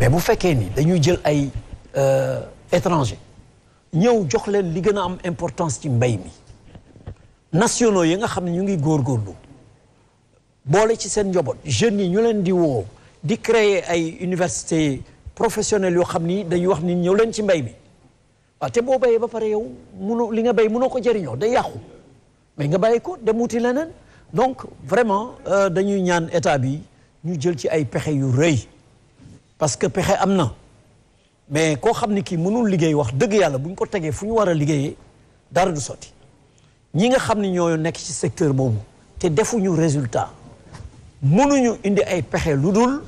mais bu fekkee ni dañuy jël ay euh, étranger ñëw jox leen li gën a am importance ci mbay mi nationaux yi nga xam ne ñu ngi góor góorgóorlu boole ci seen njaboot jeunes yi ñu leen di woo di créer ay université professionnelle yoo xam ni dañuy wax ni ñëw leen ci mbay mi waaw te boo bayee ba pare yow mënoo li nga bay munoo ko jëriñoo day yàqu mais nga bàyyi ko dem wuti leneen donc vraiment euh, dañuy ñaan état bi ñu jël ci ay pexe yu rëy parce que pexe am na mais koo xam ne kii mënul liggéey wax dëgg yàlla bu ñu ko tegee fu ñu war a liggéeyee dara du sotti ñi nga xam ne ñoo nekk ci secteur boobu te defuñu résultat mënuñu indi ay pexe lu dul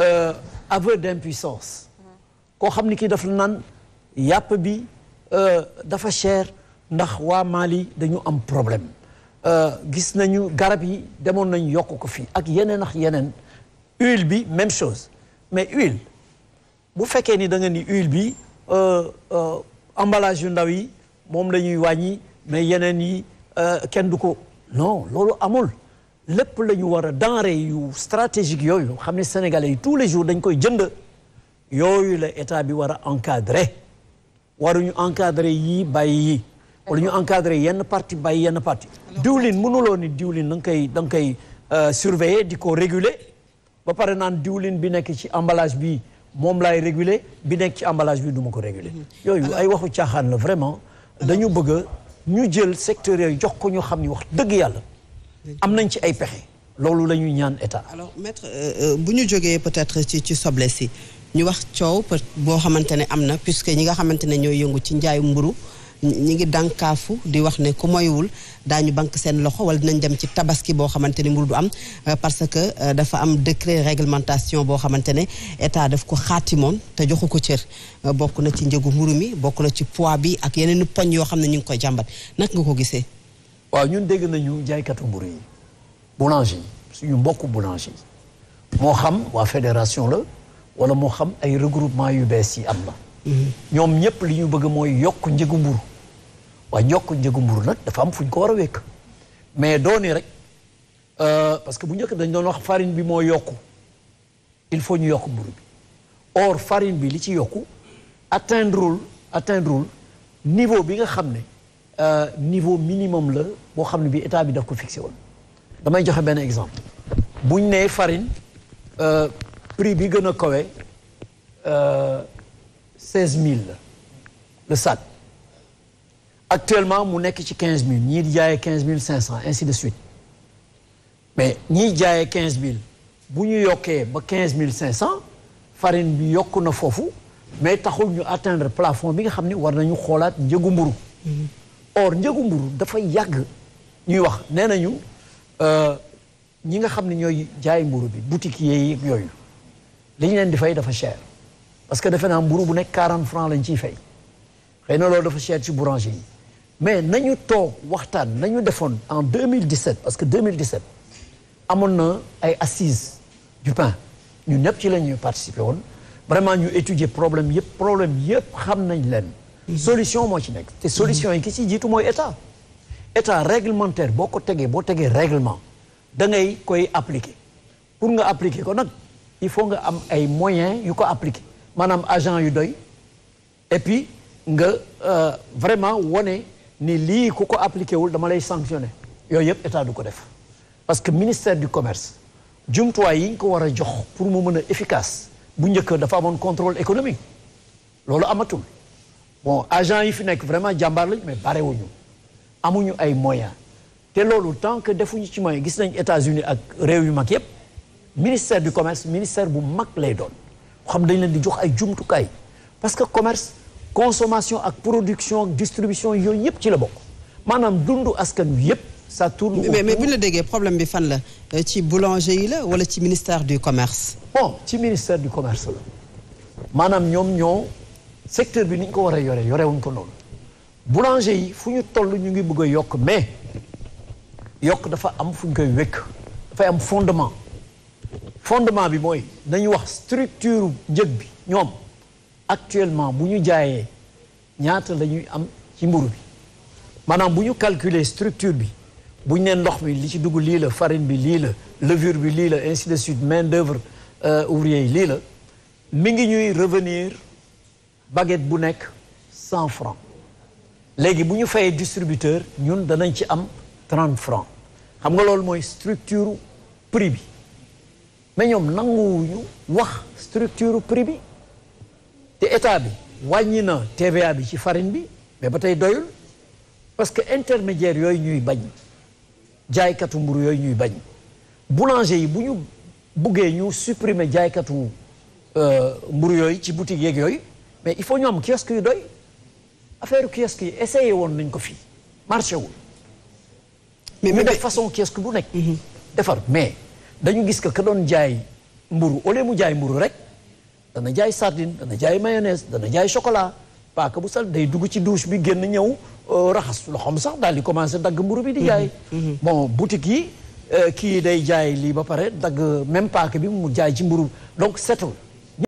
euh, aveu d'impuissance koo xam ne kii daf la naan yàpp bi euh, dafa cher ndax waa Mali dañu am problème euh, gis nañu garab yi demoon nañu yokk ko fii ak yeneen ak yeneen huile bi même chose mais huile bu fekkee ni da nga ni huile bi euh, euh, emballage yu ndaw yi moom la ñuy wàññi mais yeneen yi euh, kenn du ko non loolu amul lépp la ñu war a denrée yu stratégique yooyu xam ne sénégalais yi tous les jours dañ koy jënd yooyu la état bi war a encadré waruñu encadré yii bàyyi yi wala ñu encadré yenn parti bàyyi yenn parti diwlin mënuloo ni diwlin da nga koy da nga koy surveiller di ko réguler ba pare naan diwlin bi nekk ci emballage bi moom laay réguler bi nekk ci emballage bi du ma ko réguler mhm. yooyu ay waxu caaxaan la vraiment dañu bëgg ñu jël secteur yooyu jox ko ñu xam ni wax dëgg yàlla am nañ ci ay pexe loolu la ñuy ñaan état. alors maître euh, euh, bu ñu jógee peut-être ci ci soble si ñu wax coow boo xamante ne am na puisque ñi nga xamante ne ñooy yëngu ci njaayu mburu ñi ngi dànkaafu di wax ne ku moywul daañu bank seen loxo wala dinañ dem ci tabaski boo xamante ne mburu du am euh, parce que euh, dafa am décret réglementation boo xamante ne état def ko xaatimoon te joxu ko cër euh, bokk na ci njëgu mburu mi bokk na ci pois bi ak yeneen poñ yoo xam ne ñu ngi koy jàmbat naka nga ko gisee waaw ñun dégg nañu jaaykatu mburu yi boulanger yi suñu mbokk boulanger yi moo xam waa fédération la wala moo xam ay regroupement yu bees yi am mm-hmm. li ñu bëgg mooy yokk njëgu mburu waaye yokk njëgu mburu nag dafa am fu ñu ko war a wékk mais dooni rek euh, parce que bu njëkk dañ doon wax farine bi moo yokku il faut ñu yokk mburu bi or farine bi li ci yokku atteindreul atteindreul niveau bi nga xam ne euh, niveau minimum la boo xam ne bi état bi daf ko fixé woon damay joxe benn exemple buñ nee farine euh, prix bi gën a kawe seize mille la le sac actuellement mu nekk ci quinze mille ñii jaaye jaayee quinze mille cinq cent ainsi de suite mais ñii jaayee quinze mille bu ñu yokkee ba quinze mille cinq cent farine bi yokk na foofu mais taxul ñu atteindre plafond bi nga xam ne war nañu xoolaat njëgu mburu mm-hmm. or njëgu mburu dafa yàgg ñuy wax nee nañu euh, ñi nga xam ne ñooy jaay mburu bi boutique yi yooyu li ñu leen di fay dafa cher parce que defe naa mburu bu nekk 40 francs lañ ciy fay xëy na loolu dafa cher ci boulanger yi mais nañu toog waxtaan nañu defoon en 2017 parce que 2017 amoon na ay assises du pain ñu ñëpp ci la ñuy participer woon vraiment ñu étudier problème yëpp problème yëpp xam nañ leen mhm. solution moo ci nekk te mhm. solution yi ki ci jiitu mooy état état réglementaire boo ko tegee boo tegee réglement da ngay koy appliquer pour nga appliquer ko nag il faut nga am ay moyens yu ko appliqué maanaam agent yu doy et puis nga euh, vraiment wone ni lii ku ko appliqué wul dama lay sanctionné yooyu yëpp état du ko def parce que ministère du commerce jumtuwaay yi ñu ko war a jox pour mu mën a efficace bu njëkk dafa amoon contrôle économique loolu amatul bon agent yi fi nekk vraiment jàmbaar lañ mais barewuñu amuñu ay moyens te loolu tant que defuñu ci moyen gis nañ États-Unis ak réew yu mag yépp ministère du commerce ministère bu mag lay doon xam dañ leen di jox ay jumtukaay parce que commerce consommation ak production ak distribution yooyu yëpp ci la bokk maanaam dundu askan wi yëpp ça tourne mais mais bu ñu la problème bi fan la euh, ci boulanger yi wala ci ministère du commerce bon ci ministère du commerce maanaam ñoom ñoo secteur bi ni ñu ko war a yore wuñ ko noonu boulanger yi fu ñu toll ñu ngi bëgg yokk mais yokk dafa am fu ñu koy wékk dafay am fondement fondement bi mooy nañu wax structure njëg bi ñoom actuellement bu ñu jaayee ñaata la ñuy am ci mburu bi maanaam bu ñu calculer structure bi bu ñu nee ndox mi li ci dugg lii la farine bi lii la levure bi lii la ainsi de suite main d'œuvre euh, ouvrier yi lii la mi ngi ñuy revenir baguette bu nekk cent francs léegi bu ñu fayee distributeur ñun danañ ci am trente francs xam nga loolu mooy structure prix bi mais ñoom nangu ñu wax structure prix bi te état bi wàññi na TVA bi ci farine bi mais ba tey doyul parce que intermédiaire yooyu ñuy bañ jaaykatu mburu yooyu ñuy bañ boulanger yi bu ñu buggee ñu supprimer jaaykatu euh, mburu yooyu ci boutique yeeg yooyu mais il faut ñu am kiosque yu doy affaire kiosque yi essayé woon nañ ko fii marché wul mais mu def façon kiosque bu nekk mhm. defar mais dañu gis ko ka doon jaay mburu ole mu jaay mburu rek dana jaay sardine dana jaay mayonnaise dana jaay chocolat paaka bu sal day dugg ci douche bi génn ñëw euh, raxas loxoom sax daal di commencé dagg mburu bi di mhm, jaay mhm. bon boutique yi euh, kii day jaay lii ba pare dagg même paaka bi mu jaay ci mburu donc setul